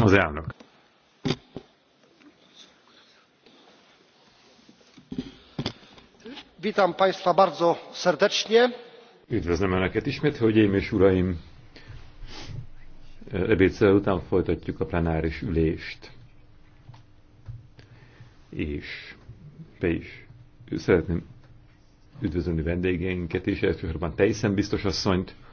Az elnök. Witam Państwa bardzo serdecznie. Üdvözlöm Önöket ismét, hölgyeim és uraim! Ebédszer után folytatjuk a plenáris ülést. És be is szeretném üdvözölni vendégeinket, és elsősorban Tejszen biztos asszonyt,